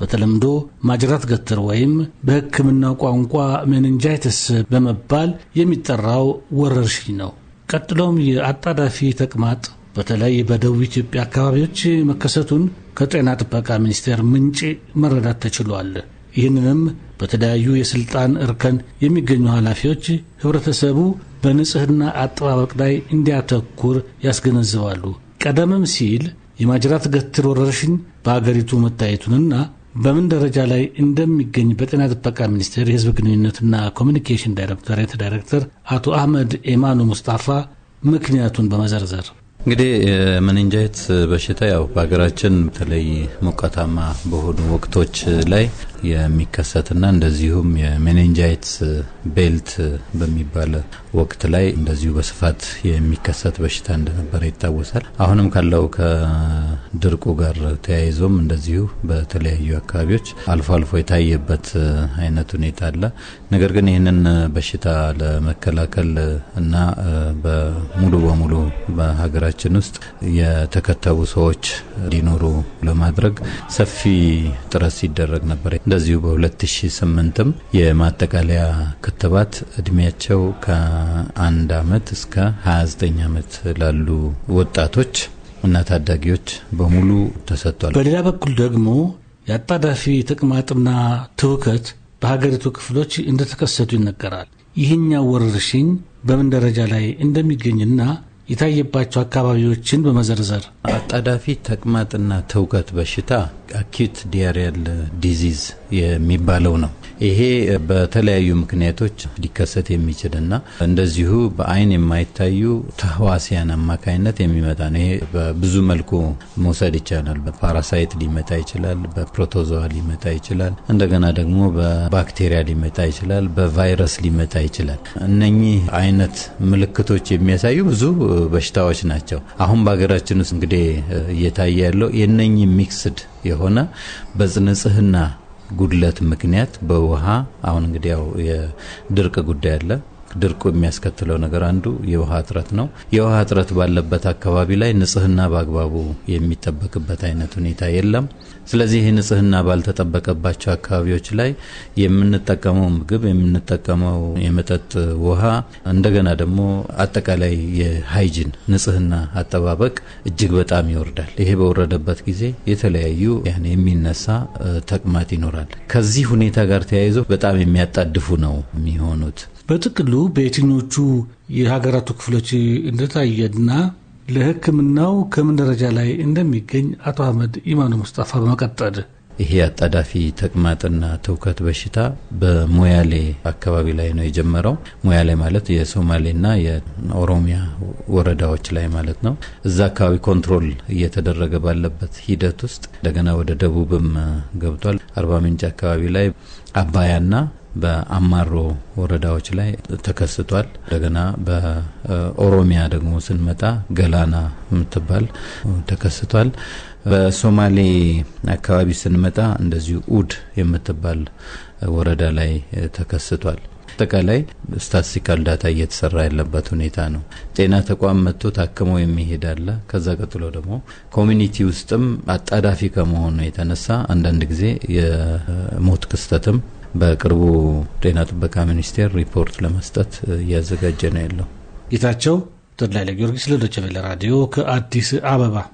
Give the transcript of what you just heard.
በተለምዶ ማጅራት ገትር ወይም በሕክምና ቋንቋ ሜንንጃይተስ በመባል የሚጠራው ወረርሽኝ ነው። ቀጥሎም የአጣዳፊ ተቅማጥ በተለይ በደቡብ ኢትዮጵያ አካባቢዎች መከሰቱን ከጤና ጥበቃ ሚኒስቴር ምንጭ መረዳት ተችሏል። ይህንንም በተለያዩ የስልጣን እርከን የሚገኙ ኃላፊዎች ህብረተሰቡ በንጽህና አጠባበቅ ላይ እንዲያተኩር ያስገነዝባሉ። ቀደምም ሲል የማጅራት ገትር ወረርሽኝ በአገሪቱ መታየቱንና በምን ደረጃ ላይ እንደሚገኝ በጤና ጥበቃ ሚኒስቴር የህዝብ ግንኙነትና ኮሚኒኬሽን ዳይሬክቶሬት ዳይሬክተር አቶ አህመድ ኢማኑ ሙስጣፋ ምክንያቱን በመዘርዘር እንግዲህ መኒንጃይት በሽታ ያው በሀገራችን በተለይ ሞቃታማ በሆኑ ወቅቶች ላይ የሚከሰትና እንደዚሁም የሜኔንጃይትስ ቤልት በሚባል ወቅት ላይ እንደዚሁ በስፋት የሚከሰት በሽታ እንደነበረ ይታወሳል። አሁንም ካለው ከድርቁ ጋር ተያይዞም እንደዚሁ በተለያዩ አካባቢዎች አልፎ አልፎ የታየበት አይነት ሁኔታ አለ። ነገር ግን ይህንን በሽታ ለመከላከል እና በሙሉ በሙሉ በሀገራችን ውስጥ የተከተቡ ሰዎች እንዲኖሩ ለማድረግ ሰፊ ጥረት ሲደረግ ነበር። እንደዚሁ በ2008ም የማጠቃለያ ክትባት እድሜያቸው ከአንድ ዓመት እስከ 29 ዓመት ላሉ ወጣቶች እና ታዳጊዎች በሙሉ ተሰጥቷል። በሌላ በኩል ደግሞ የአጣዳፊ ተቅማጥና ትውከት በሀገሪቱ ክፍሎች እንደተከሰቱ ይነገራል። ይህኛው ወረርሽኝ በምን ደረጃ ላይ እንደሚገኝና የታየባቸው አካባቢዎችን በመዘርዘር አጣዳፊ ተቅማጥና ትውከት በሽታ አኪዩት ዲያሪያል ዲዚዝ የሚባለው ነው። ይሄ በተለያዩ ምክንያቶች ሊከሰት የሚችልና እንደዚሁ በአይን የማይታዩ ተህዋሲያን አማካኝነት የሚመጣ ነው። ይሄ በብዙ መልኩ መውሰድ ይቻላል። በፓራሳይት ሊመጣ ይችላል፣ በፕሮቶዞዋ ሊመጣ ይችላል፣ እንደገና ደግሞ በባክቴሪያ ሊመጣ ይችላል፣ በቫይረስ ሊመጣ ይችላል። እነኚህ አይነት ምልክቶች የሚያሳዩ ብዙ በሽታዎች ናቸው። አሁን በሀገራችን ውስጥ እንግዲህ እየታየ ያለው የነኝ ሚክስድ የሆነ በንጽህና ጉድለት ምክንያት በውሃ አሁን እንግዲህ ያው የድርቅ ጉዳይ አለ። ድርቁ የሚያስከትለው ነገር አንዱ የውሃ እጥረት ነው። የውሃ እጥረት ባለበት አካባቢ ላይ ንጽህና በአግባቡ የሚጠበቅበት አይነት ሁኔታ የለም። ስለዚህ ይህ ንጽህና ባልተጠበቀባቸው አካባቢዎች ላይ የምንጠቀመው ምግብ፣ የምንጠቀመው የመጠጥ ውሃ፣ እንደገና ደግሞ አጠቃላይ የሃይጅን ንጽህና አጠባበቅ እጅግ በጣም ይወርዳል። ይሄ በወረደበት ጊዜ የተለያዩ የሚነሳ ተቅማጥ ይኖራል። ከዚህ ሁኔታ ጋር ተያይዞ በጣም የሚያጣድፉ ነው የሚሆኑት። በጥቅሉ በየትኞቹ የሀገራቱ ክፍሎች እንደታየና ለሕክምናው ከምን ደረጃ ላይ እንደሚገኝ አቶ አህመድ ኢማኑ ሙስጣፋ በመቀጠል ይሄ አጣዳፊ ተቅማጥና ትውከት በሽታ በሞያሌ አካባቢ ላይ ነው የጀመረው። ሞያሌ ማለት የሶማሌና የኦሮሚያ ወረዳዎች ላይ ማለት ነው። እዛ አካባቢ ኮንትሮል እየተደረገ ባለበት ሂደት ውስጥ እንደገና ወደ ደቡብም ገብቷል። አርባ ምንጭ አካባቢ ላይ አባያና በአማሮ ወረዳዎች ላይ ተከስቷል። እንደገና በኦሮሚያ ደግሞ ስንመጣ ገላና የምትባል ተከስቷል። በሶማሌ አካባቢ ስንመጣ እንደዚሁ ኡድ የምትባል ወረዳ ላይ ተከስቷል። አጠቃላይ ስታስቲካል ዳታ እየተሰራ ያለበት ሁኔታ ነው። ጤና ተቋም መጥቶ ታክሞ የሚሄዳለ ከዛ ቀጥሎ ደግሞ ኮሚኒቲ ውስጥም አጣዳፊ ከመሆኑ የተነሳ አንዳንድ ጊዜ የሞት ክስተትም በቅርቡ ጤና ጥበቃ ሚኒስቴር ሪፖርት ለመስጠት እያዘጋጀ ነው ያለው። ጌታቸው ተድላ ለጊዮርጊስ ለዶቸቬለ ራዲዮ ከአዲስ አበባ